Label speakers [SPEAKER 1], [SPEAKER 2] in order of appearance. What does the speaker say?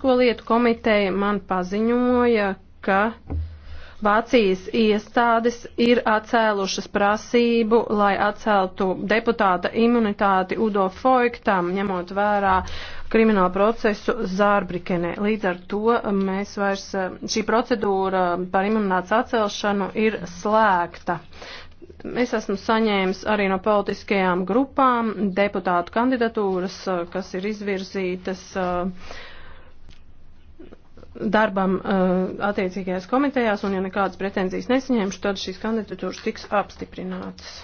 [SPEAKER 1] juridisko lietu komiteja man paziņoja, ka Vācijas iestādes ir atcēlušas prasību, lai atceltu deputāta imunitāti Udo Foigtam, ņemot vērā kriminālu procesu Zārbrikenē. Līdz ar to mēs vairs, šī procedūra par imunitātes atcelšanu ir slēgta. Es esmu saņēmis arī no politiskajām grupām deputātu kandidatūras, kas ir izvirzītas uh, darbam uh, attiecīgajās komitejās, un ja nekādas pretenzijas nesaņemšu, tad šīs kandidatūras tiks apstiprinātas.